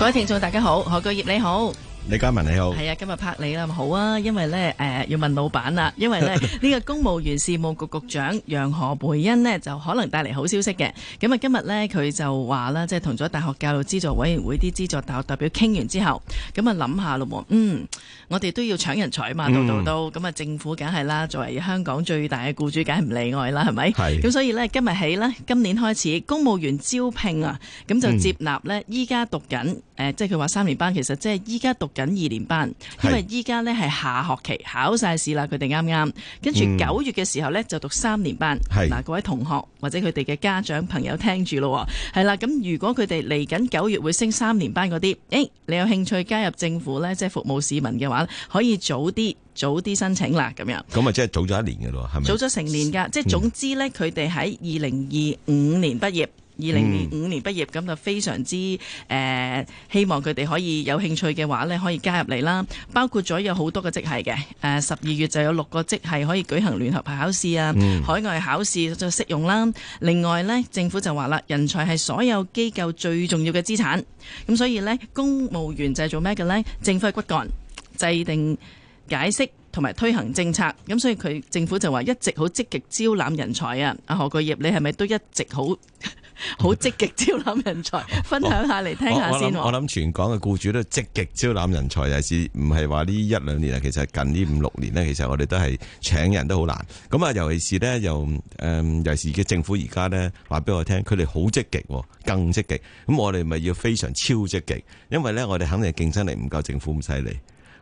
各位聽眾大家好，何居業你好。李嘉文，你好，係啊，今日拍你啦好啊，因為咧，誒、呃，要問老闆啦，因為咧，呢 個公務員事務局局長楊何蓓茵呢，就可能帶嚟好消息嘅。咁啊，今日咧，佢就話啦，即係同咗大學教育資助委員會啲資助大學代表傾完之後，咁啊，諗下咯，嗯，我哋都要搶人才嘛，到到到咁啊，嗯、政府梗係啦，作為香港最大嘅僱主，梗係唔例外啦，係咪是？咁所以咧，今日起啦，今年開始，公務員招聘啊，咁就接納呢，依家讀緊，誒、呃，即係佢話三年班，其實即係依家讀。緊二年班，因為依家呢係下學期考晒試啦，佢哋啱啱，跟住九月嘅時候呢，嗯、就讀三年班。係。嗱，各位同學或者佢哋嘅家長朋友聽住咯，係啦，咁如果佢哋嚟緊九月會升三年班嗰啲，誒、哎，你有興趣加入政府呢，即係服務市民嘅話，可以早啲早啲申請啦，咁樣。咁啊，即係早咗一年噶咯，係咪？早咗成年噶，即係總之呢，佢哋喺二零二五年畢業。二零二五年畢業，咁就非常之誒，希望佢哋可以有興趣嘅話咧，可以加入嚟啦。包括咗有好多個職系嘅，誒十二月就有六個職係可以舉行聯合考試啊，海外考試就適用啦。另外咧，政府就話啦，人才係所有機構最重要嘅資產，咁所以咧，公務員就係做咩嘅咧？政府係骨幹，制定解釋同埋推行政策，咁所以佢政府就話一直好積極招攬人才啊。阿何國業，你係咪都一直好？好積極招攬人才，分享下嚟，哦、聽下先。我諗全港嘅僱主都積極招攬人才，尤其是唔係話呢一兩年啊，其實近呢五六年呢，其實我哋都係請人都好難。咁啊，尤其是呢，又誒，尤其是政府而家呢，話俾我聽，佢哋好積極，更積極。咁我哋咪要非常超積極，因為呢，我哋肯定競爭力唔夠政府咁犀利。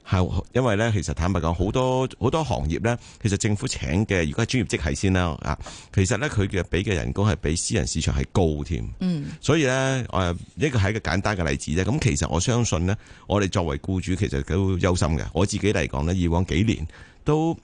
係，因為咧，其實坦白講，好多好多行業咧，其實政府請嘅，如果係專業職系先啦，啊，其實咧佢嘅俾嘅人工係比私人市場係高添，嗯，mm. 所以咧，誒，呢個係一個簡單嘅例子啫。咁其實我相信呢，我哋作為僱主，其實都憂心嘅。我自己嚟講呢，以往幾年都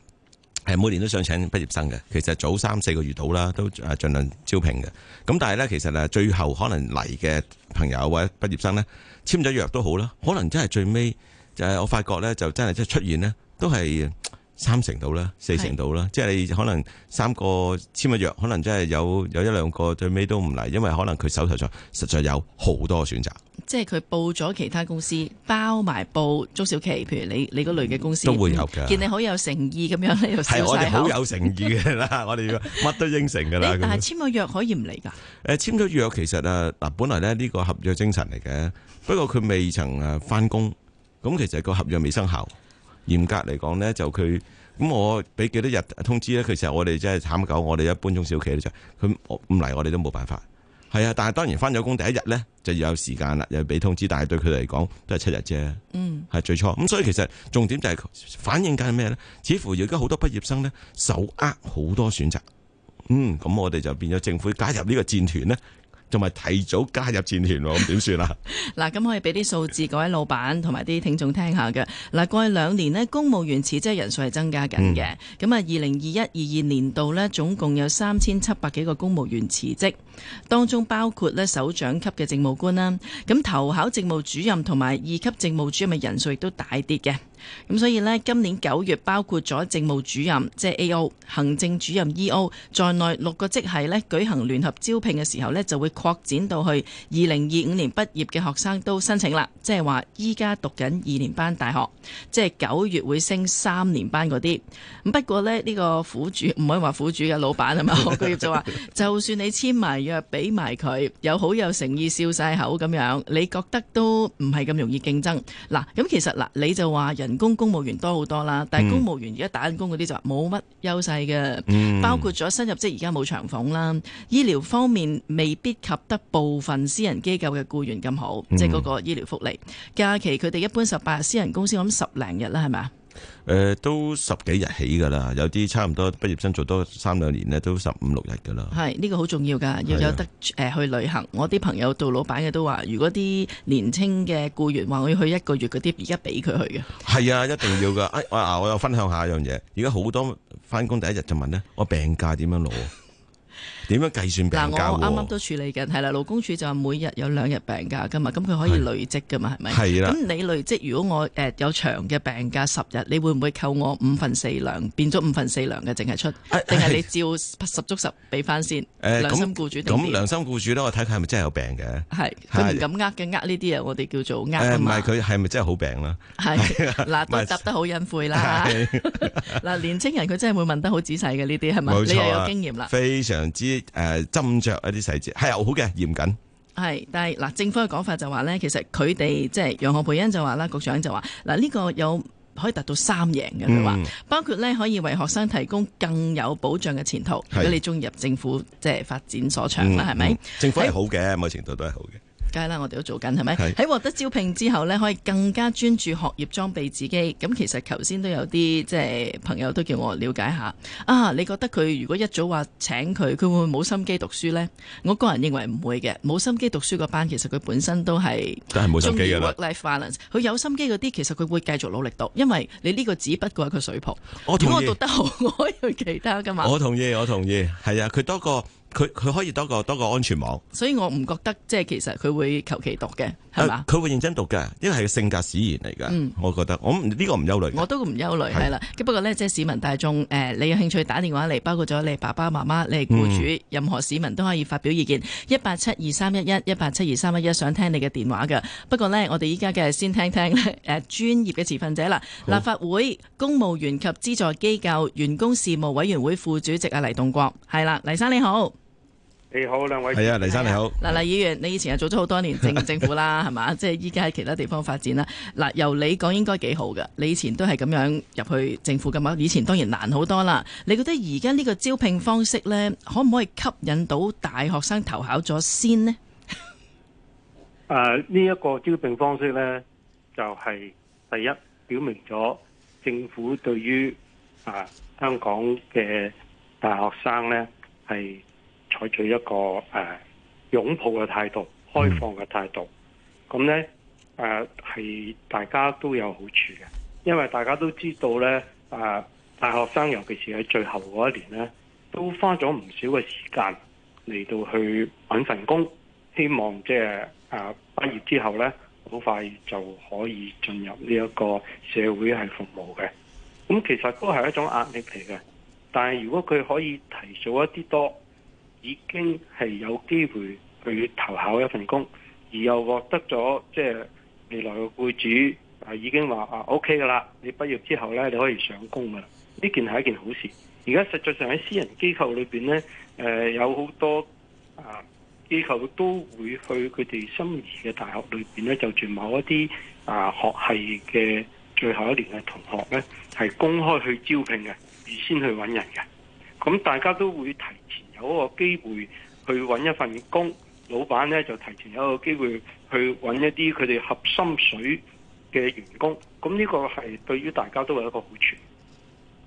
係每年都想請畢業生嘅，其實早三四個月到啦，都誒盡量招聘嘅。咁但係咧，其實呢，最後可能嚟嘅朋友或者畢業生咧，簽咗約都好啦，可能真係最尾。就係我發覺咧，就真係即係出現咧，都係三成度啦，四成度啦。即係你可能三個簽咗約，可能真係有有一兩個最尾都唔嚟，因為可能佢手頭上實在有好多個選擇。即係佢報咗其他公司，包埋報中小企，譬如你你嗰類嘅公司都會有嘅。見你好有誠意咁樣咧，又少曬口。係我哋好有誠意嘅啦，我哋乜都應承嘅啦。你但係簽咗約可以唔嚟噶？誒簽咗約其實啊，嗱本來咧呢個合約精神嚟嘅，不過佢未曾誒翻工。咁其實個合約未生效，嚴格嚟講咧，就佢咁我俾幾多日通知咧？其實我哋真係慘狗，我哋一般中小企咧就佢唔嚟，我哋都冇辦法。係啊，但係當然翻咗工第一日咧，就要有時間啦，又俾通知，但係對佢嚟講都係七日啫。嗯，係最初咁，所以其實重點就係、是、反映緊係咩咧？似乎而家好多畢業生咧，手握好多選擇。嗯，咁我哋就變咗政府加入呢個戰團咧。同埋提早加入戰團喎，咁點算啊？嗱，咁可以俾啲數字各位老闆同埋啲聽眾聽下嘅。嗱，過去兩年呢，公務員辭職人數係增加緊嘅。咁啊、嗯，二零二一、二二年度呢，總共有三千七百幾個公務員辭職，當中包括呢，首長級嘅政務官啦。咁投考政務主任同埋二級政務主任嘅人數亦都大跌嘅。咁所以呢，今年九月包括咗政務主任即係 A.O. 行政主任 E.O. 在內，六個職系呢，舉行聯合招聘嘅時候呢，就會擴展到去二零二五年畢業嘅學生都申請啦。即係話依家讀緊二年班大學，即係九月會升三年班嗰啲。不過呢，呢、這個苦主唔可以話苦主嘅老闆係嘛？何國就話： 就算你簽埋約，俾埋佢，有好有誠意笑晒口咁樣，你覺得都唔係咁容易競爭嗱。咁其實嗱，你就話人。公，公公務員多好多啦，但係公務員而家打緊工嗰啲就冇乜優勢嘅，嗯、包括咗新入職而家冇長俸啦。醫療方面未必及得部分私人機構嘅僱員咁好，嗯、即係嗰個醫療福利假期，佢哋一般十八日私人公司咁十零日啦，係咪啊？誒、呃，都十幾日起噶啦，有啲差唔多畢業生做多三兩年咧，都十五六日噶啦。係、這、呢個好重要噶，要有得誒去旅行。是的 我啲朋友做老闆嘅都話，如果啲年青嘅雇員話我要去一個月嗰啲，而家俾佢去嘅。係啊，一定要噶。誒、 哎，我又分享一下一樣嘢，而家好多返工第一日就問呢我病假點樣攞？ 點樣計算病假？嗱，我啱啱都處理緊，係啦，勞工處就話每日有兩日病假噶嘛，咁佢可以累積噶嘛，係咪？係啦。咁你累積，如果我誒有長嘅病假十日，你會唔會扣我五分四糧，變咗五分四糧嘅淨係出，定係你照十足十俾翻先？誒，咁良心僱主點？咁良心僱主咧，我睇佢係咪真係有病嘅？係佢唔敢呃嘅，呃呢啲啊，我哋叫做呃咁啊。誒，唔係佢係咪真係好病啦？係嗱，答得好隱晦啦。嗱，年青人佢真係會問得好仔細嘅呢啲係嘛？冇錯啦，你又有經驗啦，非常之。誒，斟酌一啲細節係好嘅嚴謹，係，但係嗱，政府嘅講法就話咧，其實佢哋即係楊何蓓茵就話啦，局長就話嗱，呢、這個有可以達到三贏嘅，佢話、嗯、包括咧可以為學生提供更有保障嘅前途，的如果你中意入政府即係發展所長啦，係咪、嗯？吧政府係好嘅，某的程度都係好嘅。啦，我哋都做緊係咪？喺獲是得招聘之後咧，可以更加專注學業裝備自己。咁其實頭先都有啲即係朋友都叫我了解下。啊，你覺得佢如果一早話請佢，佢會唔會冇心機讀書咧？我個人認為唔會嘅。冇心機讀書個班，其實佢本身都係都係冇心機嘅啦。佢有心機嗰啲，其實佢會繼續努力讀，因為你呢個只不過係個水泡。我同意我讀得好，我有其他噶嘛。我同意，我同意，係啊，佢多個佢佢可以多個多個安全網，所以我唔覺得即係其實佢會求其讀嘅係嘛？佢、啊、會認真讀嘅，因為係性格使然嚟㗎。嗯、我覺得我呢、這個唔憂,憂慮，我都唔憂慮係啦。咁不過呢，即係市民大眾誒、呃，你有興趣打電話嚟，包括咗你爸爸媽媽，你係僱主，嗯、任何市民都可以發表意見一八七二三一一一八七二三一一，11, 想聽你嘅電話嘅。不過呢，我哋依家嘅先聽聽誒、啊、專業嘅持份者啦。好立法會公務員及資助機構員工事務委員會副主席阿黎棟國係啦，黎,黎生你好。你好，兩位係啊，黎生你好。嗱，黎議員，你以前係做咗好多年政政府啦，係嘛？ 即係依家喺其他地方發展啦。嗱，由你講應該幾好噶。你以前都係咁樣入去政府噶嘛？以前當然難好多啦。你覺得而家呢個招聘方式呢，可唔可以吸引到大學生投考咗先呢？誒、啊、呢、這、一個招聘方式呢，就係、是、第一表明咗政府對於啊香港嘅大學生呢係。是採取一個誒、啊、擁抱嘅態度、開放嘅態度，咁呢誒係、啊、大家都有好處嘅，因為大家都知道呢，啊、大學生尤其是喺最後嗰一年呢，都花咗唔少嘅時間嚟到去揾份工，希望即係誒畢業之後呢，好快就可以進入呢一個社會係服務嘅。咁其實都係一種壓力嚟嘅，但係如果佢可以提早一啲多。已經係有機會去投考一份工，而又獲得咗即係未來嘅僱主啊，已經話啊 OK 㗎喇。你畢業之後呢，你可以上工㗎喇。呢件係一件好事。而家實際上喺私人機構裏邊呢，誒、呃、有好多啊機構都會去佢哋心儀嘅大學裏邊呢，就住某一啲啊學系嘅最後一年嘅同學呢，係公開去招聘嘅，預先去揾人嘅。咁大家都會提前。嗰個機會去揾一份工，老闆呢就提前有個機會去揾一啲佢哋合心水嘅員工。咁呢個係對於大家都有一個好處。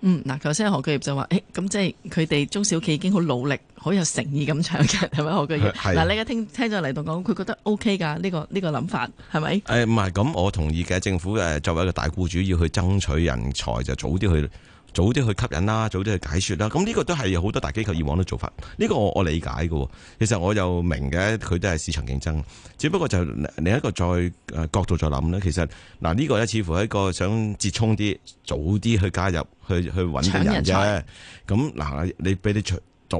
嗯，嗱，頭先何巨業就話，誒，咁即係佢哋中小企已經好努力、好有誠意咁搶人，係咪何巨業？係。嗱，你而家聽聽咗嚟到講，佢覺得 O K 㗎，呢個呢個諗法係咪？誒，唔係，咁我同意嘅。政府誒作為一個大僱主要去爭取人才，就早啲去。早啲去吸引啦，早啲去解説啦。咁、這、呢個都係好多大機構以往嘅做法，呢、這個我我理解嘅。其實我又明嘅，佢都係市場競爭，只不過就另一個再、呃、角度再諗咧。其實嗱，呢、呃這個咧似乎係一個想接衝啲早啲去加入去去揾人啫。咁嗱、呃，你俾你早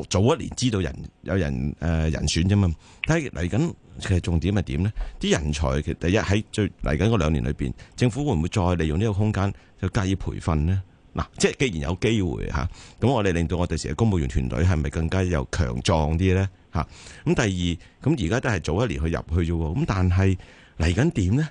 早一年知道人有人誒、呃、人選啫嘛。睇嚟緊其實重點係點呢？啲人才其第一喺最嚟緊嗰兩年裏邊，政府會唔會再利用呢個空間就加以培訓呢？嗱，即係既然有機會吓，咁我哋令到我哋成日公務員團隊係咪更加又強壯啲咧？嚇，咁第二，咁而家都係早一年去入去啫喎，咁但係嚟緊點咧？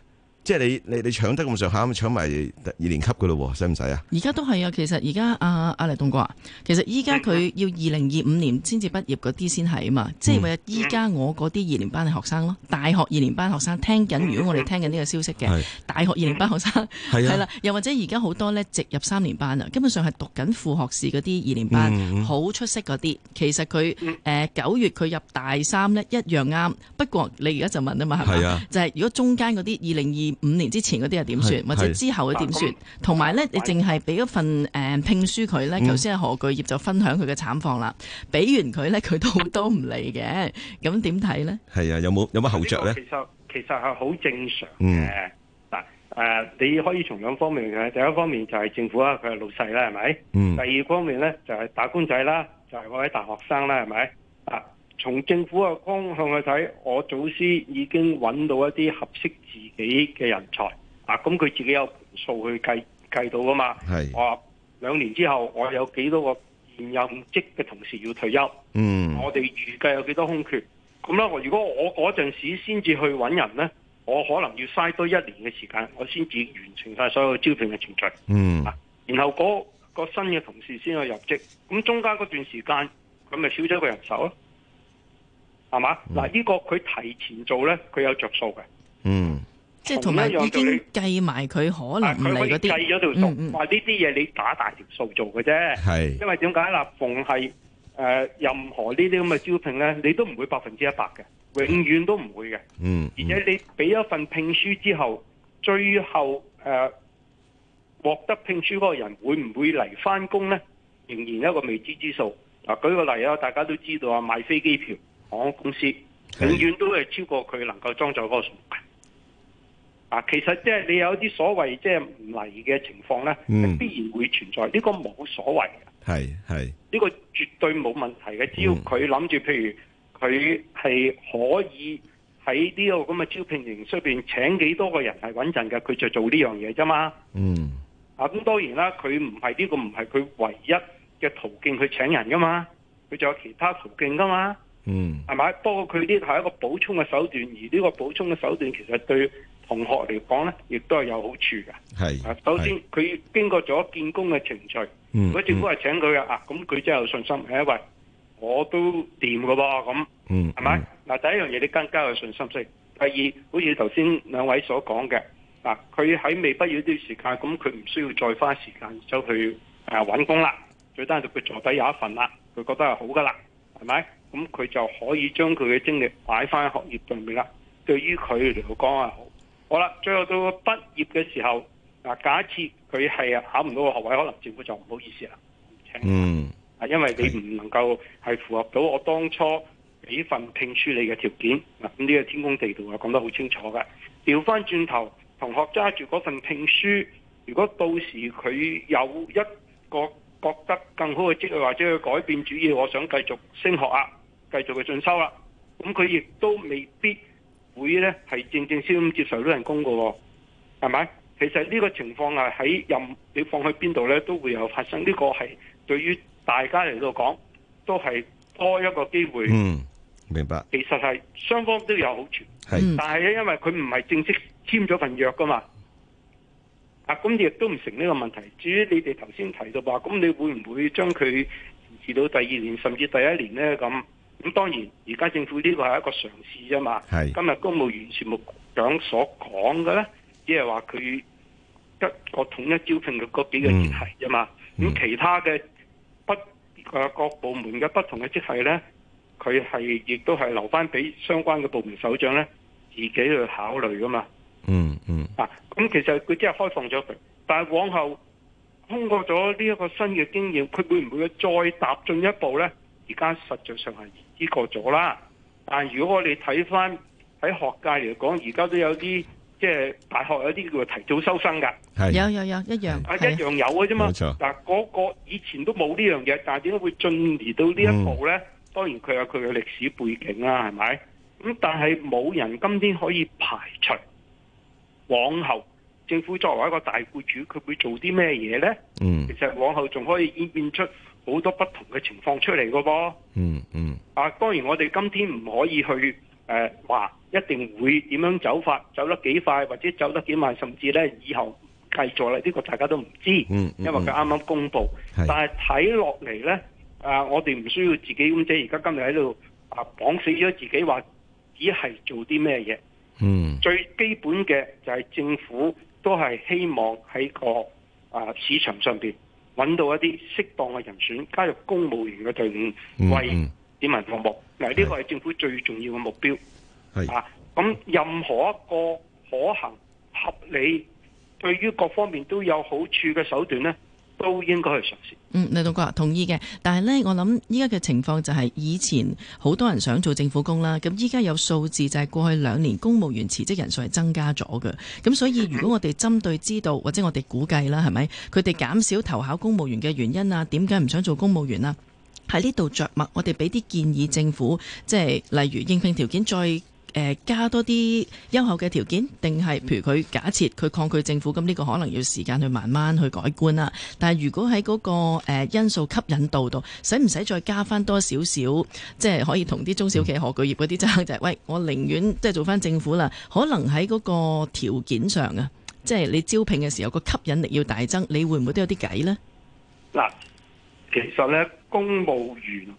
即係你你你搶得咁上下，咁搶埋二年級嘅咯喎，使唔使啊？而家都係啊，其實而家阿阿黎棟國啊，其實依家佢要二零二五年先至畢業嗰啲先係啊嘛，即係咪啊？依家我嗰啲二年班學生咯，大學二年班學生聽緊，如果我哋聽緊呢個消息嘅，是大學二年班學生係、啊、 啦，又或者而家好多咧直入三年班啊，根本上係讀緊副學士嗰啲二年班，好、嗯嗯、出色嗰啲，其實佢九、呃、月佢入大三咧一樣啱。不過你而家就問啊嘛，係啊？就係、是、如果中間嗰啲二零二五年之前嗰啲係點算，或者之後嘅點算，同埋咧你淨係俾一份誒、呃、聘書佢咧，頭先、嗯、何巨業就分享佢嘅慘況啦，俾完佢咧佢都都唔嚟嘅，咁點睇咧？係啊，有冇有乜後着咧？其實其實係好正常嘅。嗱誒、嗯啊，你可以從兩方面嘅，第一方面就係政府啊，佢係老細啦，係咪？嗯、第二方面咧就係打工仔啦，就係嗰位大學生啦，係咪？啊！從政府嘅方向去睇，我早先已經揾到一啲合適自己嘅人才啊！咁佢自己有數去計計到㗎嘛？係是我話兩年之後，我有幾多個現任職嘅同事要退休？嗯，我哋預計有幾多空缺？咁啦，我如果我嗰陣時先至去揾人呢，我可能要嘥多一年嘅時間，我先至完成晒所有招聘嘅程序。嗯、啊、然後嗰、那個那個新嘅同事先去入職，咁中間嗰段時間，咁咪少咗個人手。係嘛？嗱，呢、嗯、個佢提前做咧，佢有着數嘅。嗯，即係同樣已經計埋佢可能唔嚟嗰啲。佢計咗條數，話呢啲嘢你打大條數做嘅啫。係是，因為點解啦？逢係誒，任何呢啲咁嘅招聘咧，你都唔會百分之一百嘅，永遠都唔會嘅。嗯，而且你俾一份聘書之後，最後誒、呃、獲得聘書嗰個人會唔會嚟翻工咧？仍然一個未知之數。啊，舉個例啊，大家都知道啊，買飛機票。航空公司永遠都係超過佢能夠裝載嗰個數嘅。啊，其實即係你有啲所謂即係唔嚟嘅情況咧，嗯、必然會存在。呢個冇所謂嘅，係係呢個絕對冇問題嘅。只要佢諗住，嗯、譬如佢係可以喺呢個咁嘅招聘形式入邊，請幾多個人係穩陣嘅，佢就做呢樣嘢啫嘛。嗯。啊，咁當然啦，佢唔係呢個，唔係佢唯一嘅途徑去請人噶嘛，佢仲有其他途徑噶嘛。嗯，係咪？不過佢呢係一個補充嘅手段，而呢個補充嘅手段其實對同學嚟講咧，亦都係有好處嘅。係是，首先佢是經過咗見工嘅程序，如果、嗯、政府係請佢嘅、嗯、啊，咁佢真係有信心，係因為我都掂噶喎。咁係咪？嗱、嗯，第一樣嘢你更加有信心，即第二，好似頭先兩位所講嘅，啊，佢喺未畢業一段時間，咁佢唔需要再花時間走去啊揾工啦，最低係佢坐底有一份啦，佢覺得係好噶啦，係咪？咁佢就可以將佢嘅精力擺翻喺學業上面啦。對於佢嚟講啊，好好啦。最後到畢業嘅時候，假設佢係考唔到個學位，可能政府就唔好意思啦。唔請。嗯，啊，因為你唔能夠係符合到我當初俾份聘書你嘅條件啊。咁呢個天公地道啊，講得好清楚嘅。調翻轉頭，同學揸住嗰份聘書，如果到時佢有一個覺得更好嘅職位或者去改變主意，我想繼續升學啊，繼續去進修啦。咁佢亦都未必會咧係正正先接受呢份工㗎喎，係咪？其實呢個情況係喺任你放喺邊度咧都會有發生。呢個係對於大家嚟到講都係多一個機會。嗯，明白。其實係雙方都有好處。係，但係咧，因為佢唔係正式簽咗份約㗎嘛。啊，咁亦都唔成呢個問題。至於你哋頭先提到話，咁你會唔會將佢延遲到第二年，甚至第一年呢？咁咁，當然，而家政府呢個係一個嘗試啊嘛。是今日公務員全部長所講嘅呢，即係話佢一個統一招聘嘅嗰幾個職系咋嘛。咁、嗯、其他嘅不各部門嘅不同嘅職系呢，佢係亦都係留翻俾相關嘅部門首長呢，自己去考慮噶嘛。嗯嗯，嗯啊，咁其實佢即係開放咗佢，但係往後通過咗呢一個新嘅經驗，佢會唔會再踏進一步咧？而家實際上係知過咗啦。但係如果我哋睇翻喺學界嚟講，而家都有啲即係大學有啲叫做提早收生噶，係是有有有一樣啊，一樣有嘅啫嘛。冇錯是，嗱錯，嗰個以前都冇呢樣嘢，但係點解會進而到呢一步咧？嗯，當然佢有佢嘅歷史背景啦，啊，係咪？咁但係冇人今天可以排除，往後政府作為一個大雇主，佢會做啲咩嘢呢？嗯，其實往後仲可以演變出好多不同嘅情況出嚟噶噃。嗯嗯。啊，當然我哋今天唔可以去誒話、呃，一定會點樣走法，走得幾快或者走得幾慢，甚至呢以後繼續咧，呢個大家都唔知。嗯嗯。因為佢啱啱公布，但係睇落嚟呢，啊，我哋唔需要自己咁即而家今日喺度啊綁死咗自己話，只係做啲咩嘢。嗯，最基本嘅就係政府都係希望喺個啊市場上邊揾到一啲適當嘅人選加入公務員嘅隊伍，為市民服務。嗱，呢個係政府最重要嘅目標。係啊，咁任何一個可行、合理，對於各方面都有好處嘅手段咧。都應該去嘗試。嗯，黎棟國同意嘅，但係呢，我諗依家嘅情況就係以前好多人想做政府工啦，咁依家有數字就係過去兩年公務員辭職人數係增加咗嘅，咁所以如果我哋針對知道或者我哋估計啦，係咪佢哋減少投考公務員嘅原因啊？點解唔想做公務員啊？喺呢度着墨，我哋俾啲建議政府，即係例如應聘條件再。誒、呃、加多啲優厚嘅條件，定係譬如佢假設佢抗拒政府，咁呢個可能要時間去慢慢去改觀啦。但係如果喺嗰、嗰個、呃、因素吸引度度，使唔使再加翻多少少，即係可以同啲中小企何業、何巨業嗰啲爭就係、是，喂，我寧願即係做翻政府啦。可能喺嗰個條件上啊，即係你招聘嘅時候、嗰個吸引力要大增，你會唔會都有啲計呢？嗱，其實呢，公務員。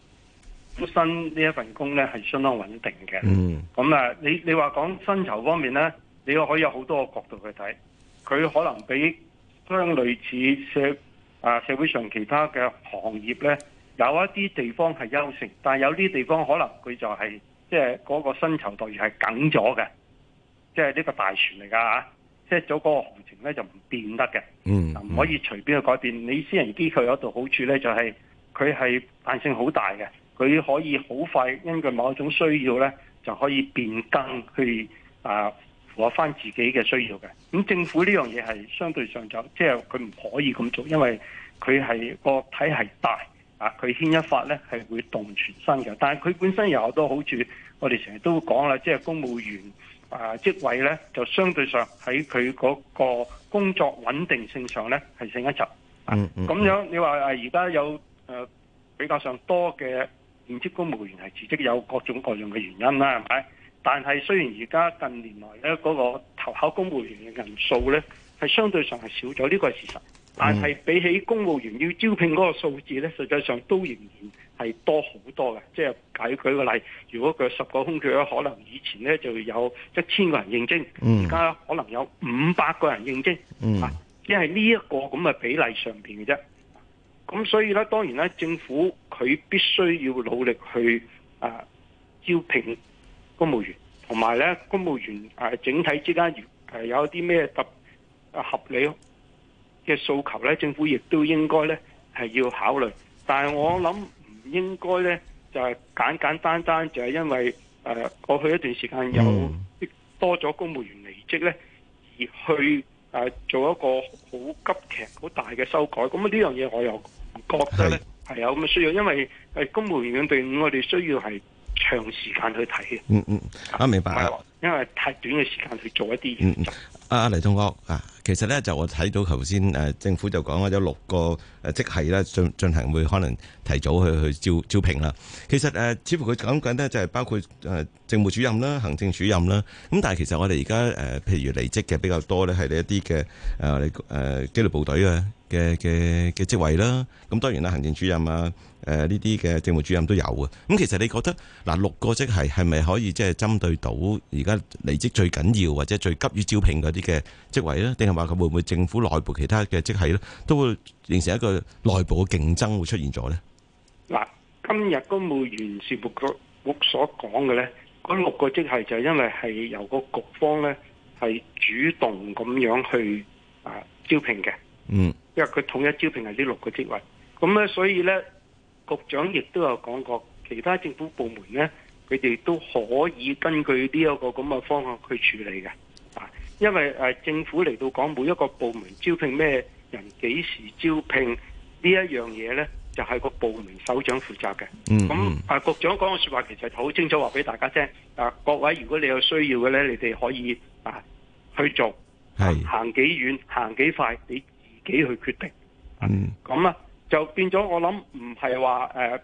本身呢一份工咧係相當穩定嘅。咁啊、嗯，你你話講薪酬方面咧，你可以有好多個角度去睇。佢可能比相類似社啊社會上其他嘅行業咧，有一啲地方係優勝，但係有啲地方可能佢就係即係嗰個薪酬待遇係梗咗嘅。即係呢個大船嚟㗎嚇，即係咗嗰個行情咧就唔變得嘅。嗯，啊，唔可以隨便去改變。嗯、你私人機構有一度好處咧，就係佢係彈性好大嘅。佢可以好快根據某一種需要咧，就可以變更去啊符合翻自己嘅需要嘅。咁、嗯、政府呢樣嘢係相對上就即係佢唔可以咁做，因為佢係個體系大啊，佢牽一髮咧係會動全身嘅。但係佢本身有好多好處，我哋成日都講啦，即係公務員啊職位咧，就相對上喺佢嗰個工作穩定性上咧係勝一籌、啊嗯。嗯嗯，咁樣你話而家有誒、呃、比較上多嘅。唔知公務員係辭職有各種各樣嘅原因啦，係咪？但係雖然而家近年來咧，嗰個投考公務員嘅人數咧係相對上係少咗，呢個係事實。但係比起公務員要招聘嗰個數字咧，實際上都仍然係多好多嘅。即係舉舉個例，如果佢有十個空缺，可能以前咧就有一千個人應徵，而家可能有五百個人應徵。嗯、啊，因為呢一個咁嘅比例上邊嘅啫。咁所以咧，當然咧，政府佢必須要努力去啊招聘公務員，同埋咧公務員、啊、整體之間如有啲咩特合理嘅訴求咧，政府亦都應該咧係要考慮。但係我諗唔應該咧，就係簡簡單單，單就係因為誒、啊、過去一段時間有多咗公務員離職咧，而去啊做一個好急劇、好大嘅修改。咁啊呢樣嘢我又覺得咧係有咁嘅需要，因為誒公務員嘅隊伍，我哋需要係長時間去睇嘅。嗯嗯，啊明白啊。因為太短嘅時間去做一啲嘢。嗯嗯。阿、啊、黎棟國啊，其實咧就我睇到頭先誒政府就講咗有六個誒、啊、職系啦，進進行會可能提早去去招招聘啦。其實誒、啊，似乎佢講緊咧就係、是、包括誒、啊、政務主任啦、行政主任啦。咁、啊、但係其實我哋而家誒譬如離職嘅比較多咧，係一啲嘅誒誒紀律部隊啊。嘅嘅嘅職位啦，咁當然啦，行政主任啊，誒呢啲嘅政務主任都有啊。咁其實你覺得嗱，六個職系係咪可以即係針對到而家離職最緊要或者最急於招聘嗰啲嘅職位咧？定係話佢會唔會政府內部其他嘅職系咧，都會形成一個內部嘅競爭會出現咗咧？嗱，今日公務員事務局局所講嘅咧，嗰六個職系就係因為係由個局方咧係主動咁樣去啊招聘嘅，嗯。因為佢統一招聘係呢六個職位，咁咧所以咧局長亦都有講過，其他政府部門咧佢哋都可以根據呢一個咁嘅方向去處理嘅。啊，因為誒、啊、政府嚟到講每一個部門招聘咩人，幾時招聘這一呢一樣嘢咧，就係、是、個部門首長負責嘅。嗯，嗯。咁啊，局長講嘅說話其實好清楚，話俾大家聽。啊，各位如果你有需要嘅咧，你哋可以啊去做，係行幾遠，行幾快，你。己去決定，咁啊就變咗我諗唔係話誒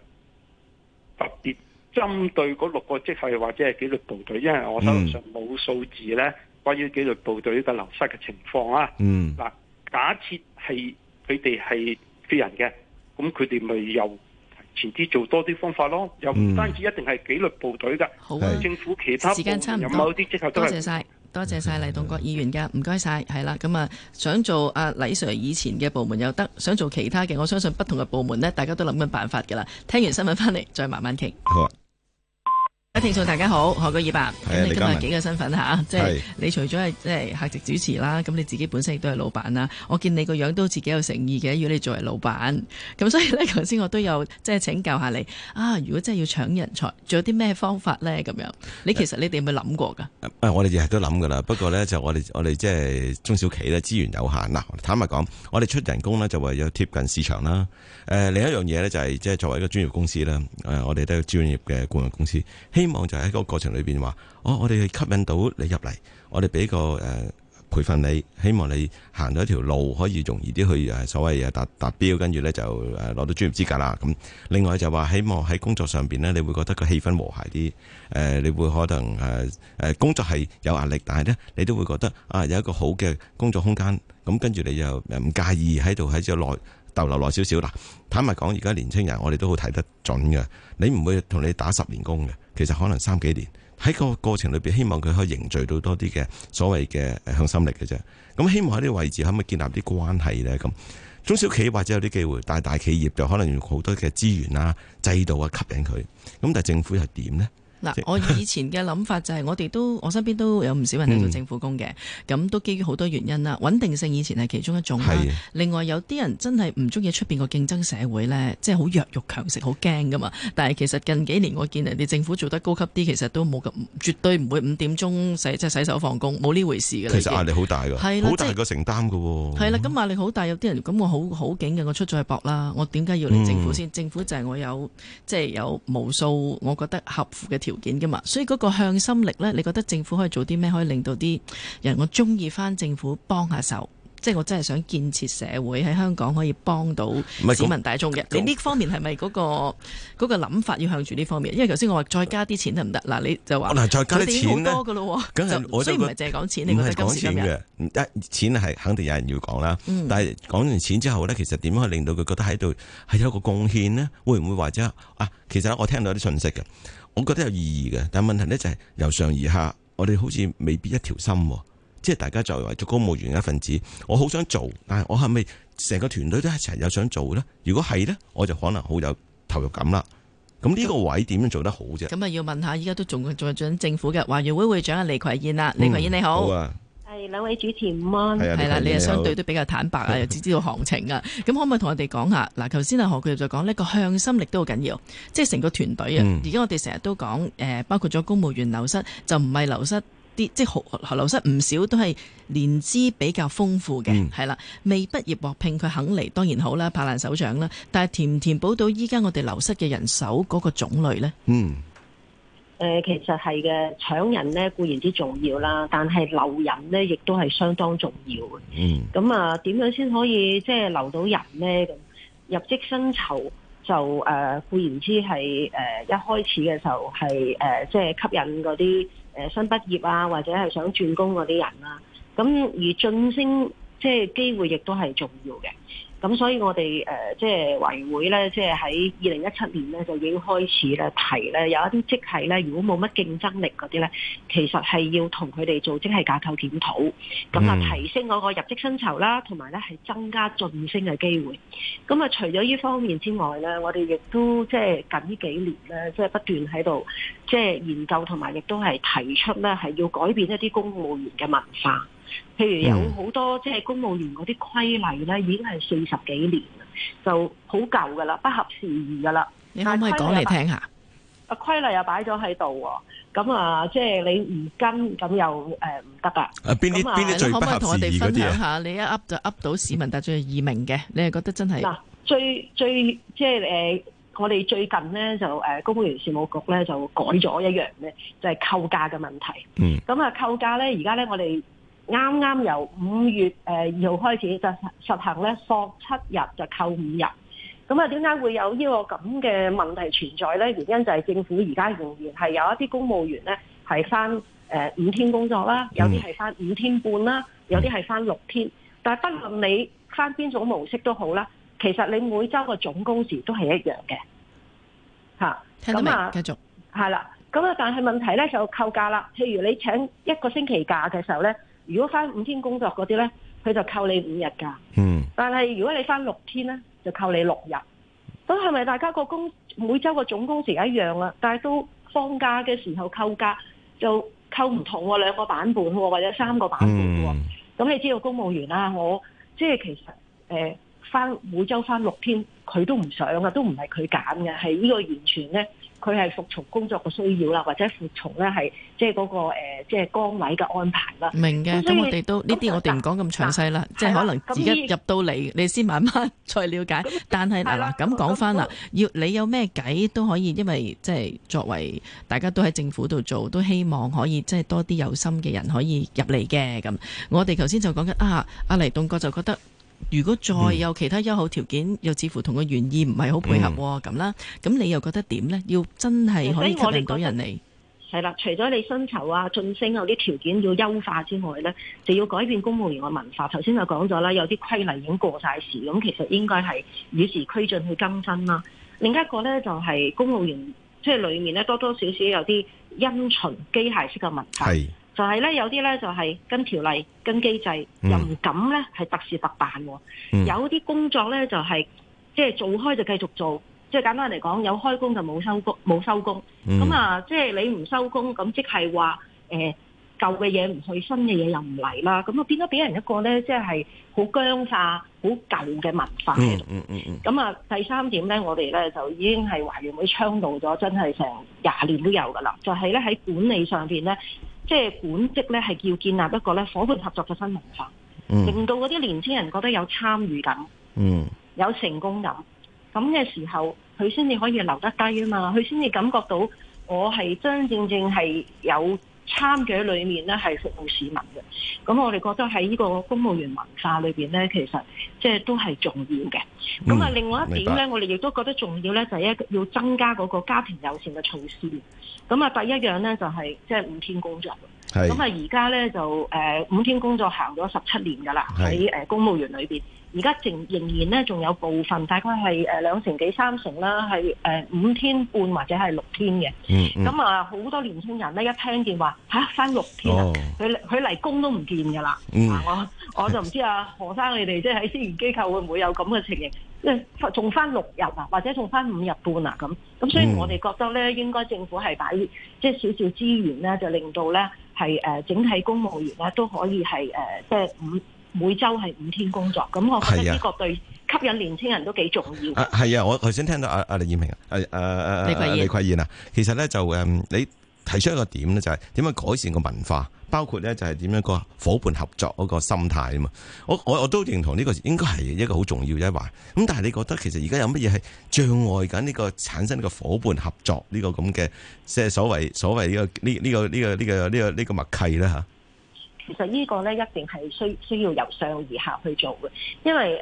特別針對嗰六個職系或者紀律部隊，因為我手頭上冇數字咧，關於紀律部隊嘅流失嘅情況啊。嗱、嗯啊，假設係佢哋係缺人嘅，咁佢哋咪又提前啲做多啲方法咯，又唔單止一定係紀律部隊嘅，好啊、政府其他部隊有某啲職系都係。多謝晒黎棟國議員噶，唔該晒。係啦，咁啊，想做阿黎 Sir 以前嘅部門又得，想做其他嘅，我相信不同嘅部門呢，大家都諗緊辦法㗎啦。聽完新聞翻嚟再慢慢傾。好。阿大家好，何國義吧。咁的你今日幾個身份吓，啊，即係你除咗係即係客席主持啦，咁的你自己本身亦都係老闆啦。我見你個樣都自己有誠意嘅，要你作為老闆。咁所以咧，頭先我都有即係請教下你啊，如果真係要搶人才，仲有啲咩方法咧？咁樣你其實的你哋有冇諗過噶，啊？我哋日日都諗噶啦。不過咧，就我哋我哋即係中小企咧，資源有限。啦、啊，坦白講，我哋出人工咧就為咗貼近市場啦。誒、啊，另一樣嘢咧就係即係作為一個專業公司啦。誒，我哋都係專業嘅顧問公司。希望就喺個過程裏邊話，哦，我哋吸引到你入嚟，我哋俾個誒、呃、培訓你，希望你行咗一條路可以容易啲去誒，所謂誒達達標，跟住呢就誒攞到專業資格啦。咁、嗯，另外就話希望喺工作上邊呢，你會覺得個氣氛和諧啲，誒、呃，你會可能誒誒、呃，工作係有壓力，但係呢，你都會覺得啊有一個好嘅工作空間，咁跟住你又唔介意喺度喺度內，在逗留耐少少嗱，坦白講，而家年青人我哋都好睇得準嘅，你唔會同你打十年工嘅，其實可能三幾年喺個過程裏邊，希望佢可以凝聚到多啲嘅所謂嘅向心力嘅啫。咁希望喺啲位置可唔可以建立啲關係呢？咁中小企業或者有啲機會，但係大企業就可能用好多嘅資源啊、制度啊吸引佢。咁但係政府又點呢？嗱， 我以前嘅諗法就係，我哋都我身邊都有唔少人做政府工嘅，咁、嗯、都基於好多原因啦。穩定性以前係其中一種、啊、是的 另外有啲人真係唔中意出面個競爭社會呢，即係好弱肉強食，好驚噶嘛。但係其實近幾年我見人哋政府做得高級啲，其實都冇咁，絕對唔會五點鐘洗即係洗手放工，冇呢回事嘅。其實壓力好大㗎，係咯了，個承擔㗎喎、啊。係啦，咁、就是、 壓力好大，有啲人咁我好好勁嘅，我出咗去搏啦，我點解要嚟政府先？嗯、政府就係我有即係、就是、有無數，我覺得合符嘅條件。條件噶嘛，所以嗰個向心力咧，你覺得政府可以做啲咩，可以令到啲人我中意翻政府幫下手，即係我真係想建設社會喺香港可以幫到市民大眾嘅。你呢方面係咪嗰個嗰、嗰個諗法要向住呢方面？因為頭先我話再加啲錢得唔得？嗱，你就話，嗱再加啲錢多咁係就我即係唔係淨係講錢，唔係講錢嘅，一錢係肯定有人要講啦。嗯、但係講完錢之後咧，其實點樣去令到佢覺得喺度係有一個貢獻咧？會唔會或者啊？其實我聽到啲信息嘅。我覺得有意義嘅，但係問題咧就係由上而下，我哋好似未必一條心，即係大家作為做公務員嘅一份子，我好想做，但係我係咪成個團隊都一齊有想做呢？如果係呢，我就可能好有投入感啦。咁呢個位點樣做得好啫？咁、嗯、啊，要問下，依家都仲做緊政府嘅華員會會長啊，利葵燕啊，利葵燕你好。係兩位主持，午安係啦，你啊相對都比較坦白啊，又只知道行情啊，咁 可唔可以同我哋講下嗱？頭先阿何佢就講呢個向心力都好緊要，即係成個團隊啊。而家、嗯、我哋成日都講誒，包括咗公務員流失，就唔係流失啲，即係好流失唔少都係年資比較豐富嘅，係啦、嗯。未畢業獲聘，佢肯嚟當然好啦，拍爛手掌啦。但係填唔填補到依家我哋流失嘅人手嗰個種類呢？嗯。誒，其實係嘅，搶人咧固然之重要啦，但係留人咧亦都係相當重要嘅。咁啊，點樣先可以即係、就是、留到人咧？咁入職薪酬就誒、呃，固然之係誒、呃，一開始嘅時候係誒，即、呃、係、就是、吸引嗰啲誒新畢業啊，或者係想轉工嗰啲人啦、啊。咁而晉升即係機會，亦都係重要嘅。咁所以我哋誒即係華員會咧，即係喺二零一七年咧，就已經開始咧提咧，有一啲即係咧，如果冇乜競爭力嗰啲咧，其實係要同佢哋做即係架構檢討，咁啊提升嗰個入職薪酬啦，同埋咧係增加晉升嘅機會。咁啊，除咗呢方面之外咧，我哋亦都即係近呢幾年咧，即係不斷喺度即係研究同埋亦都係提出咧，係要改變一啲公務員嘅文化。譬如有好多即係公務員嗰啲規例咧，已經係四十幾年就好舊噶啦，不合時宜噶啦。規例又你可唔可以講嚟聽一下？規些啊，規例又擺咗喺度，咁啊，即係你唔跟，咁又誒唔得噶。啊，邊啲邊啲最不合時宜嗰你，你一 up 就 up 到市民，但最易明嘅，你係覺得真係嗱，最最即係誒，我哋最近咧就誒公務員事務局咧就改咗一樣咧，就係扣價嘅問題。嗯。咁啊，扣價咧，而家咧，我哋啱啱由五月誒二號開始就實行咧，放七日就扣五日。咁啊，點解會有呢個咁嘅問題存在咧？原因就係政府而家仍然係有一啲公務員咧係翻誒五天工作啦，有啲係翻五天半啦，有啲係翻六天。但係不論你翻邊種模式都好啦，其實你每周個總工時都係一樣嘅。吓，咁啊，繼續係啦。咁啊，但係問題咧就扣假啦。譬如你請一個星期假嘅時候咧。如果翻五天工作嗰啲咧，佢就扣你五日㗎。嗯。但係如果你翻六天咧，就扣你六日。咁係咪大家個工每周個總工時一樣啊？但係都放假嘅時候扣假就扣唔同，兩個版本、啊、或者三個版本喎、啊。咁、mm. 嗯、你知道公務員啦、啊，我即係其實誒翻、呃、每周翻六天，佢都唔想㗎，都唔係佢揀嘅，係呢個完全咧。佢係服從工作嘅需要啦，或者服從咧係即係嗰個誒，即係崗位嘅安排啦。明嘅，咁我哋都呢啲，我哋唔講咁詳細啦。即係可能而家入到嚟，你先慢慢再了解。但係嗱嗱，咁講返啦，要你有咩計都可以，因為即係作為大家都喺政府度做，都希望可以即係多啲有心嘅人可以入嚟嘅。咁我哋頭先就講緊啊，阿黎棟國就覺得。如果再有其他優厚條件，嗯、又似乎同個原意唔係好配合咁啦，咁、嗯、你又覺得點呢？要真係可以吸引到人嚟？係啦，除咗你薪酬啊、晉升、啊、有啲條件要優化之外呢，就要改變公務員嘅文化。頭先就講咗啦，有啲規例已經過晒時，咁其實應該係與時俱進去更新啦。另一個呢，就係、是、公務員，即、就、係、是、裡面呢，多多少少有啲因循機械式嘅文化。就係咧，有啲咧就係、是、跟條例、跟機制，又唔敢咧係特事特辦。Mm. 有啲工作咧就係、是、即係做開就繼續做，即係簡單嚟講，有開工就冇收工，冇收工。咁、mm. 啊，即係你唔收工，咁即係話誒舊嘅嘢唔去，新嘅嘢又唔嚟啦。咁啊，變咗俾人一個咧，即係好僵化、好舊嘅文化。嗯嗯嗯咁啊，第三點咧，我哋咧就已經係華員會倡導咗，真係成廿年都有噶啦，就係咧喺管理上面咧。即係本職咧，係要建立一個咧夥伴合作嘅新文化，令到嗰啲年青人覺得有參與感，嗯嗯有成功感，咁嘅時候佢先至可以留得低啊嘛，佢先至感覺到我係真真正正係有。參與裏面咧，係服務市民嘅。咁我哋覺得喺呢個公務員文化裏面咧，其實即係都係重要嘅。咁啊、嗯，另外一點咧，白我哋亦都覺得重要咧，就係一個要增加嗰個家庭友善嘅措施。咁啊，第一樣咧就係即係五天工作。係是。咁啊，而家咧就誒五天工作行咗十七年㗎啦，喺是公務員裏面。而家仍仍然咧，仲有部分大概係誒兩成幾三成啦，係誒五天半或者係六天嘅、嗯。嗯咁啊，好多年輕人咧一聽說、啊哦、見話嚇翻六天啊，佢佢嚟工都唔見㗎啦。我我就唔知啊，何生你哋即係喺資助機構會唔會有咁嘅情形？即係仲翻六日啊，或者仲翻五日半啊咁。咁所以我哋覺得咧，應該政府係擺即係、就是、少少資源咧，就令到咧係誒整體公務員咧都可以係誒、呃、即係五。每周係五天工作，咁我覺得呢個對吸引年輕人都幾重要啊。係啊，啊，我頭先聽到阿阿李燕平啊，誒誒誒利葵燕啊，其實咧就誒，你提出一個點咧，就係點樣改善個文化，包括咧就係點樣個伙伴合作嗰個心態啊嘛。我我我都認同呢個應該係一個好重要一環。咁但係你覺得其實而家有乜嘢係障礙緊呢個產生呢個伙伴合作呢個咁嘅即係所謂所謂呢個呢呢個呢個呢個呢個默契咧嚇？其實呢個咧一定係需需要由上而下去做嘅，因為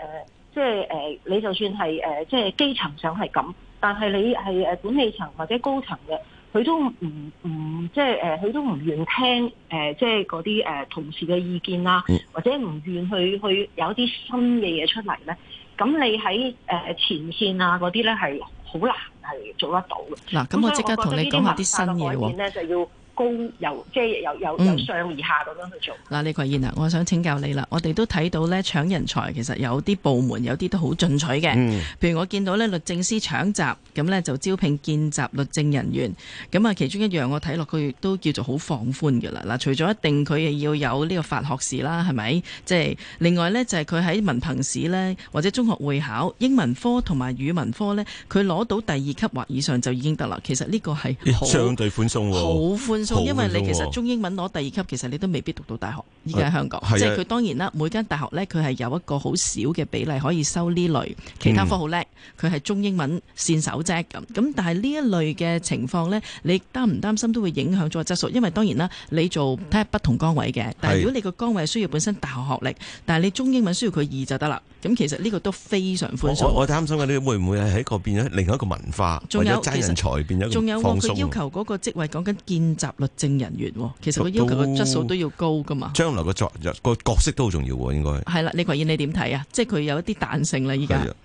誒，即係誒，你就算係誒，即係基層上係咁，但係你係誒管理層或者高層嘅，佢都唔唔即係誒，佢都唔願聽誒，即係嗰啲誒同事嘅意見啦，或者唔願去去有啲新嘅嘢出嚟咧，咁你喺誒前線啊嗰啲咧係好難係做得到嘅。嗱，咁我即刻同你講下啲新嘢喎。都由即係由、嗯、由上而下咁樣去做。嗱，利葵燕啊，我想請教你啦。我哋都睇到咧搶人才，其實有啲部門有啲都好進取嘅。嗯、譬如我見到咧律政司搶閘，咁咧就招聘見習律政人員。咁啊，其中一樣我睇落去都叫做好放寬嘅啦。嗱，除咗一定佢亦要有呢個法學士啦，係咪？即、就、係、是、另外呢，就係佢喺文憑試呢，或者中學會考英文科同埋語文科呢，佢攞到第二級或以上就已經得啦。其實呢個係相對寬鬆，好寬。因為你其實中英文攞第二級，其實你都未必讀到大學。依家喺香港，啊是啊、即係佢當然啦。每間大學呢，佢係有一個好少嘅比例可以收呢類其他科好叻，佢係中英文線、嗯、手啫。咁咁，但係呢一類嘅情況呢，你擔唔擔心都會影響咗質素？因為當然啦，你做睇下不同崗位嘅。但係如果你個崗位需要本身大學學歷，但係你中英文需要佢二就得啦。咁其實呢個都非常寬鬆。我擔心嘅你會唔會係喺個變咗另一個文化，仲有，人才變咗？仲有佢要求嗰個職位講緊見習。律政人員，其實佢要求嘅質素都要高噶嘛。將來個作個角色都好重要，應該係啦。利葵燕，你點睇啊？即係佢有一啲彈性啦，而家的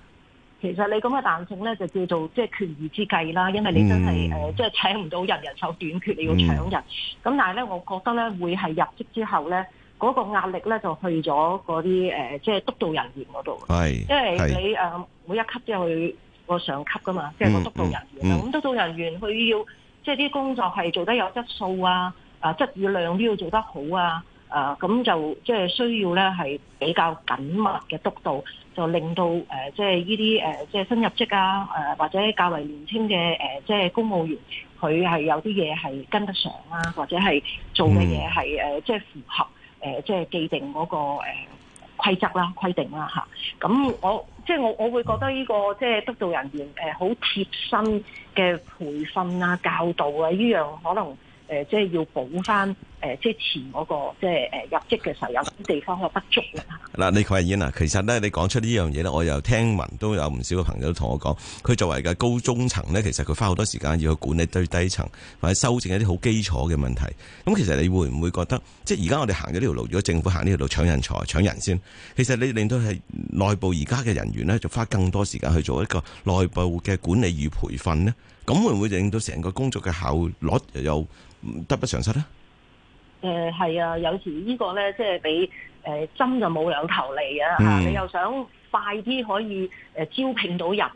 其實你咁嘅彈性咧，就叫做即係權宜之計啦。因為你真係誒，即係、嗯呃，請唔到人，人手短缺，你要搶人。咁、嗯、但係咧，我覺得咧，會係入職之後咧，嗰、那個壓力咧就去咗嗰啲誒，即係督導人員嗰度。係是，因為你誒、呃、是每一級都要個上級噶嘛，即係個督導人員。咁、嗯、督導人員佢要。即係啲工作係做得有質素啊，啊質與量都要做得好啊，啊咁就即係需要咧係比較緊密嘅督導，就令到誒、呃、即係呢啲誒即係新入職啊，誒或者較為年輕嘅誒即係公務員，佢係有啲嘢係跟得上啦、啊，或者係做嘅嘢係誒即係符合誒、呃、即係既定嗰、那個誒、呃、規則啦、規定啦吓，咁、啊、我。即係我我會覺得呢個即係督導人員誒好貼心嘅培訓啊、教導啊呢樣可能。誒，即係要補翻誒，即係前嗰個即係誒入職嘅時候有啲地方嘅不足嘅嚇。嗱，利葵燕啊，其實咧，你講出呢樣嘢咧，我又聽聞都有唔少嘅朋友同我講，佢作為嘅高中層咧，其實佢花好多時間要去管理最低層，或者修正一啲好基礎嘅問題。咁其實你會唔會覺得，即係而家我哋行咗呢條路，如果政府行呢條路搶人才、搶人先，其實你令到係內部而家嘅人員咧，就花更多時間去做一個內部嘅管理與培訓咧，咁會唔會令到成個工作嘅效率又得不償失咧？誒係、嗯、啊，有時這個呢個咧，即係畀誒針就冇兩頭利啊！你又想快啲可以誒、呃、招聘到人，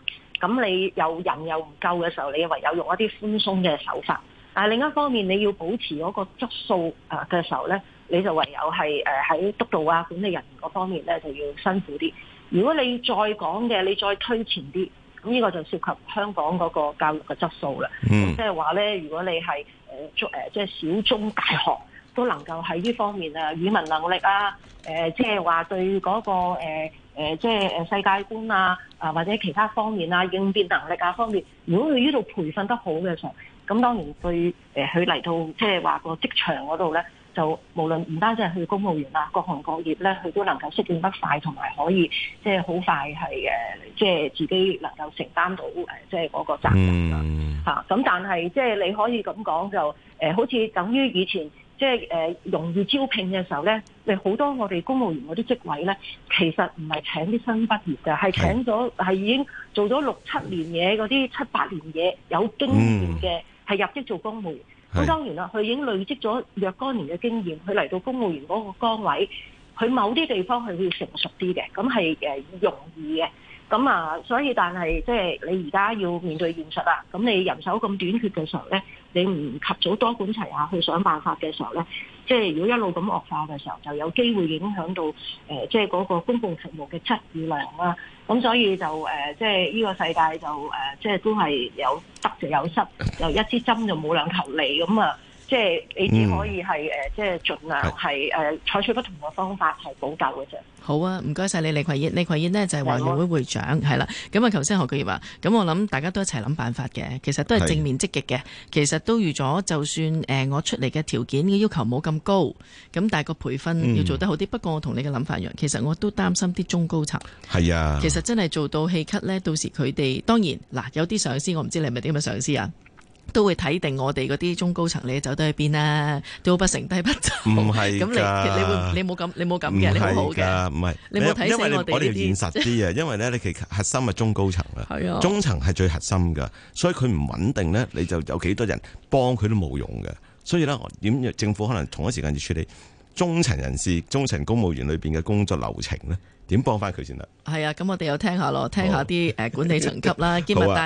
咁你又人又唔夠嘅時候，你唯有用一啲寬鬆嘅手法。但係另一方面，你要保持嗰個質素啊嘅時候咧，你就唯有係誒喺督導啊、管理人員嗰方面咧，就要辛苦啲。如果你再講嘅，你再推前啲。咁呢個就涉及香港嗰個教育嘅質素啦，嗯、即係話咧，如果你係、呃、即係小中大學都能夠喺呢方面啊語文能力啊，呃、即係話對嗰、嗰個、呃、即係世界觀啊啊或者其他方面啊應變能力啊方面，如果佢呢度培訓得好嘅時候，咁當然對佢嚟、呃、到即係話個職場嗰度咧。就無論唔單止係去公務員啦，各行各業咧，佢都能夠適應得快，同埋可以即係好快係誒，即係自己能夠承擔到誒，即係嗰個責任啦咁、嗯啊、但係即係你可以咁講，就誒、呃、好似等於以前即係誒、呃、容易招聘嘅時候咧，你好多我哋公務員嗰啲職位咧，其實唔係請啲新畢業嘅，係、嗯、請咗係已經做咗六七年嘢、嗰啲七八年嘢有經驗嘅，係、嗯、入職做公務員。咁是當然啦，佢已經累積咗若干年嘅經驗，佢嚟到公務員嗰個崗位，佢某啲地方係會成熟啲嘅，咁係容易嘅。咁啊，所以但係即係你而家要面對現實啦，咁你人手咁短缺嘅時候咧，你唔及早多管齊下去想辦法嘅時候咧，即係如果一路咁惡化嘅時候，就有機會影響到、呃、即係嗰、嗰個公共服務嘅質與量啦。咁所以就誒、呃，即係呢個世界就誒、呃，即係都係有得就有失，就一支針就冇兩頭利咁啊！即係你只可以係誒，即係、嗯、盡量係誒是採取不同嘅方法係補救嘅啫。好啊，唔該晒你利葵燕，利葵燕呢就係華員會會長係啦。咁啊，頭先、啊、何巨話話，咁我諗大家都一齊諗辦法嘅，其實都係正面積極嘅。是其實都預咗，就算誒我出嚟嘅條件嘅要求冇咁高，咁但係個培訓要做得好啲。嗯、不過我同你嘅諗法一樣，其實我都擔心啲中高層係啊。其實真係做到氣咳呢，到時佢哋當然嗱，有啲上司我唔知你係咪啲咁嘅上司啊。都會睇定我哋嗰啲中高層，你走得去邊啦，都不成低不，都不走。唔係咁你你會你冇咁你冇咁嘅，你好嘅，唔係。你冇睇因為我哋現實啲啊，因為咧你其實核心係中高層啦， 中層係最核心噶，所以佢唔穩定咧，你就有幾多人幫佢都冇用嘅。所以咧，點政府可能同一時間要處理中層人士、中層公務員裏邊嘅工作流程咧？點幫翻佢先得？係啊，咁我哋又聽下咯，聽下啲誒管理層級啦。兼埋好、啊、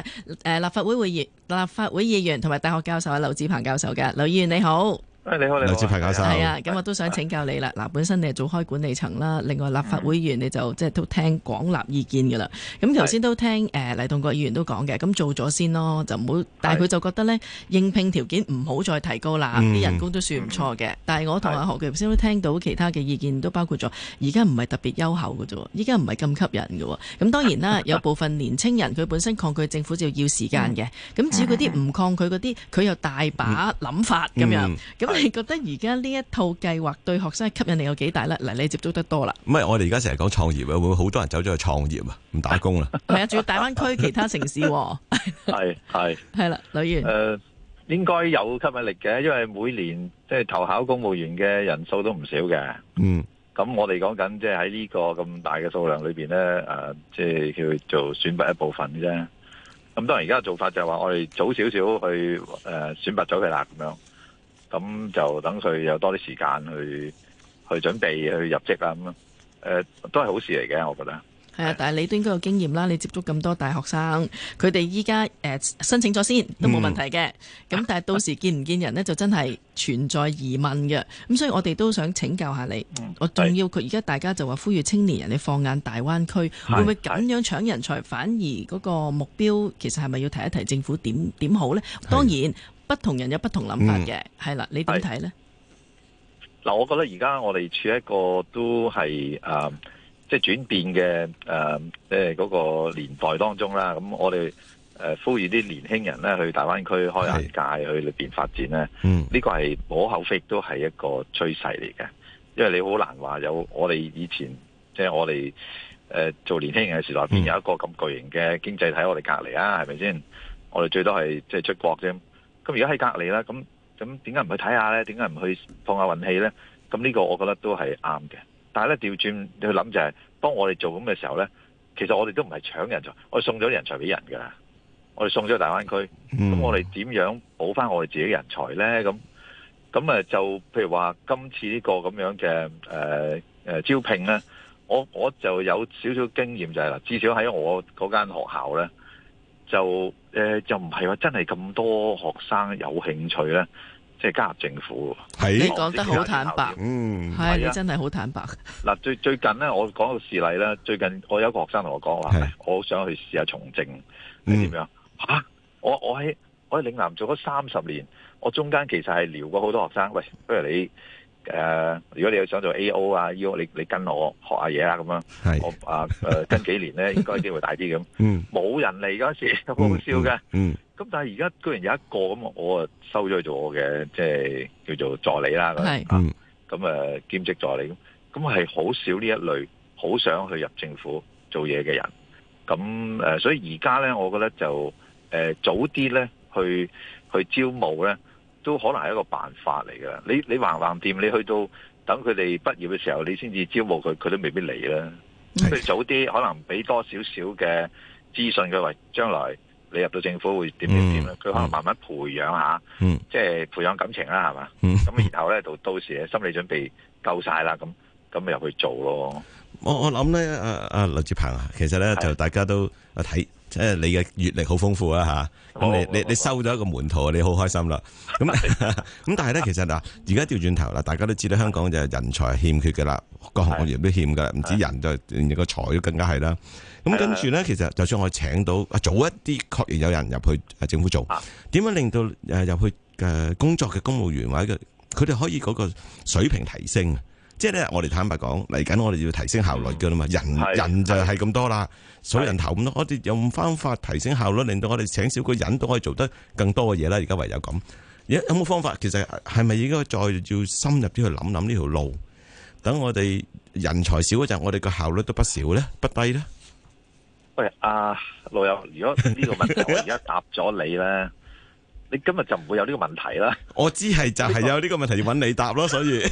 大誒立法會會議員、立法會議員同埋大學教授啊，劉智鵬教授嘅劉議員你好。誒，你好，你好，係啊，咁我都想請教你啦。嗱，本身你係做開管理層啦，另外立法會議員你就即係都聽廣納意見㗎啦。咁頭先都聽誒是、呃、黎棟國議員都講嘅，咁做咗先咯，就唔好。是但係佢就覺得咧，應聘條件唔好再提高啦，啲、嗯、人工都算唔錯嘅。但係我同阿何其先都聽到其他嘅意見，都包括咗而家唔係特別優厚嘅啫，依家唔係咁吸引嘅。咁當然啦，有部分年青人佢 本身抗拒政府就要時間嘅。咁至於嗰啲唔抗拒嗰啲，佢又大把諗法咁咁、嗯你覺得而家呢一套計劃對學生嘅吸引力有幾大咧？嗱，你接觸得多啦。唔係，我哋而家成日講創業啊，會唔會好多人走咗去創業啊，唔打工啦。係啊， 仲要大灣區其他城市。係係係啦，劉 的議員。誒、呃，應該有吸引力嘅，因為每年即係投考公務員嘅人數都唔少嘅。嗯。咁我哋講緊即係喺呢個咁大嘅數量裏邊咧，誒、呃，即係叫做選拔一部分啫。咁當然而家嘅做法就係話，我哋早少少去誒選拔咗佢啦，咁樣。咁就等佢有多啲時間去去準備去入職啊，咁誒、呃、都係好事嚟嘅，我覺得係啊。但係你都應該有經驗啦，你接觸咁多大學生，佢哋依家誒申請咗先都冇問題嘅。咁、嗯、但係到時見唔見人呢，就真係存在疑問嘅。咁所以我哋都想請教下你，嗯、我仲要佢而家大家就話呼籲青年人你放眼大灣區，的會唔會咁樣搶人才，反而嗰個目標其實係咪要提一提政府點點好呢？的當然。不同人有不同諗法嘅，係啦、嗯，你點睇咧？嗱、嗯，我覺得而家我哋處一個都係誒，即係轉變嘅誒，即係嗰個年代當中啦。咁我哋誒、呃、呼籲啲年輕人咧去大灣區開眼界，是去裏邊發展咧。呢、嗯、個係無可厚非，都係一個趨勢嚟嘅。因為你好難話有我哋以前即係、就是、我哋誒、呃、做年輕人嘅時代，邊有一個咁巨型嘅經濟喺我哋隔籬啊？係咪先？我哋最多係即係出國啫。咁而家喺隔離啦，咁咁點解唔去睇下咧？點解唔去放下運氣咧？咁呢個我覺得都係啱嘅。但係咧，調轉你去諗就係、是、當我哋做咁嘅時候咧，其實我哋都唔係搶人才，我哋送咗人才俾人㗎啦。我哋送咗去大灣區，咁、嗯、我哋點樣補翻我哋自己人才咧？咁咁啊，就譬如話今次呢個咁樣嘅、呃、招聘咧，我我就有少少經驗就係、是、啦，至少喺我嗰間學校咧。就誒、呃，就唔係話真係咁多學生有興趣咧，即係加入政府，的你講得好坦白，的嗯，係的你真係好坦白。嗱的，最、嗯、最近咧，我講個事例咧。最近我有一個學生同我講話，的我好想去試下從政，點樣？嚇、嗯啊！我我喺我喺嶺南做咗三十年，我中間其實係撩過好多學生。喂，不如你？誒，如果你有想做 A.O. 啊，U，你你跟我學下嘢啊，咁樣，我啊誒，跟幾年咧，應該機會大啲咁。嗯，冇人嚟嗰陣時，特別好笑嘅。嗯，咁但係而家居然有一個咁，我收咗做我嘅，即係叫做助理啦。係。嗯。咁啊，兼職助理咁，咁係好少呢一類，好想去入政府做嘢嘅人。咁誒，所以而家咧，我覺得就誒早啲咧去去招募咧。都可能係一個辦法嚟嘅。你你橫橫掂，你去到等佢哋畢業嘅時候，你先至招募佢，佢都未必嚟啦。你是早啲可能俾多少少嘅資訊佢，話將來你入到政府會點點點，佢可能慢慢培養一下，即係、嗯、培養感情啦，係嘛？咁然後呢，到到時心理準備夠晒啦，咁咁入去做咯。我我諗呢，阿阿劉智鵬啊，其實呢，就大家都睇。的誒、哦、嗯，你嘅閱歷好豐富啊！吓，咁，你你你收咗一個門徒，你好開心啦。咁咁，但係咧，其實嗱，而家調轉頭啦，大家都知道香港就係人才欠缺嘅啦，各行各業都欠噶唔止人就連個財都更加係啦。咁、嗯、跟住咧，其實就算我請到、啊、早一啲，確認有人入去政府做，點樣令到誒入去誒工作嘅公務員或者佢哋可以嗰個水平提升？即係咧，我哋坦白講，嚟緊我哋要提升效率噶啦嘛，人人就係咁多啦，所有人投咁多，我哋有咩方法提升效率，令到我哋請少個人都可以做得更多嘅嘢啦。而家唯有咁，有有冇方法？其實係咪應該再要深入啲去諗諗呢條路？等我哋人才少嗰陣，我哋個效率都不少咧，不低咧。喂，阿老友，如果呢個問題我而家答咗你咧，你今日就唔會有呢個問題啦。我知係就係有呢個問題要搵你答咯，所以。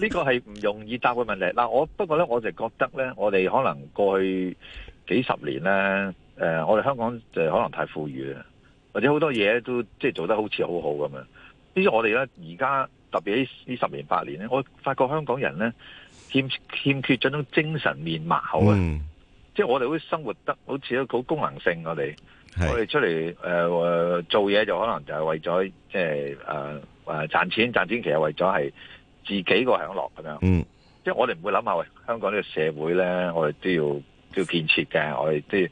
呢 個係唔容易答嘅問題。嗱，我不過咧，我就覺得咧，我哋可能過去幾十年咧，誒、呃，我哋香港就可能太富裕啦，或者好多嘢都即係做得好似好好咁樣。們呢啲我哋咧，而家特別呢呢十年八年咧，我發覺香港人咧，欠欠缺咗種精神面貌啊。Mm. 即係我哋好似生活得好似好功能性，我哋是我哋出嚟，誒、呃、做嘢就可能就係為咗即係誒誒賺錢，賺錢其實是為咗係。自己個享樂咁樣，嗯，即係我哋唔會諗下，喂，香港呢個社會咧，我哋都要都要建設嘅，我哋都要。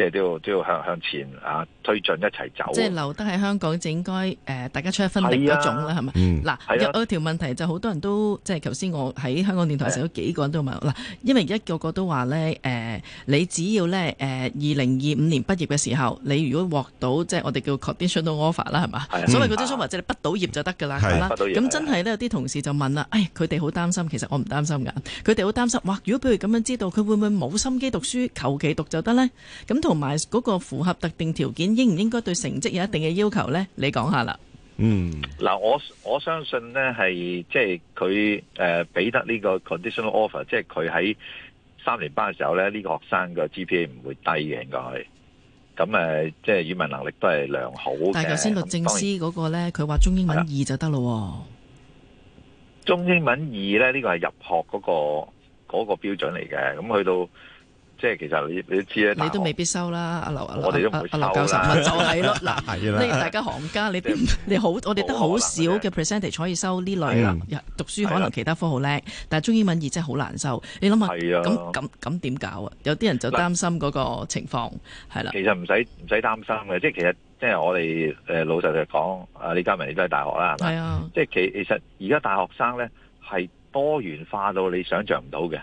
即係都要向向前啊，推進一齊走。即係留得喺香港，應該誒，大家出一分力嗰種啦，係咪、啊？嗱，有一條問題就好多人都即係頭先我喺香港電台時候幾個人都問，嗱，因為一個個都話咧誒，你只要咧誒二零二五年畢業嘅時候，你如果獲到即係我哋叫 conditional offer 啦，係嘛、啊？所謂嗰啲 offer 即係畢到業就得㗎啦。係畢到業。咁真係咧，有啲同事就問啦，誒、哎，佢哋好擔心，其實我唔擔心㗎。佢哋好擔心，哇！如果譬如咁樣知道，佢會唔會冇心機讀書，求其讀就得呢？」咁同埋嗰個符合特定條件，應唔應該對成績有一定嘅要求呢？你講下啦。嗯，嗱，我我相信呢係即係佢誒俾得呢個 conditional offer，即係佢喺三年班嘅時候咧，呢、這個學生嘅 GPA 唔會低嘅，應該。咁誒，即係語文能力都係良好。但係頭先律政司嗰個呢，佢話然中英文二就得咯。中英文二呢，呢、這個係入學嗰、那個嗰、那個標準嚟嘅。咁去到。即係其實你你都知咧，你都未必收啦，阿劉阿劉教授就係咯。嗱，你大家行家，你你好，我哋得好少嘅 percentage 可以收呢類啦。讀書可能其他科好叻，但係中英文語真係好難收。你諗下，咁咁咁點搞啊？有啲人就擔心嗰個情況係啦。其實唔使唔使擔心嘅，即係其實即係我哋誒老實嚟講，阿李嘉明你都係大學啦，係啊，即係其其實而家大學生咧係多元化到你想像唔到嘅。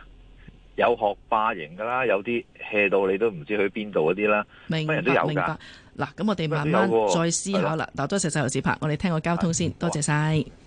有學霸型㗎啦，有啲 hea 到你都唔知去邊度嗰啲啦，明白，咩人都有㗎。嗱，咁，啊，我哋慢慢再思考啦。嗱，多謝晒細路自拍，的我哋聽個交通先。的多謝晒。哇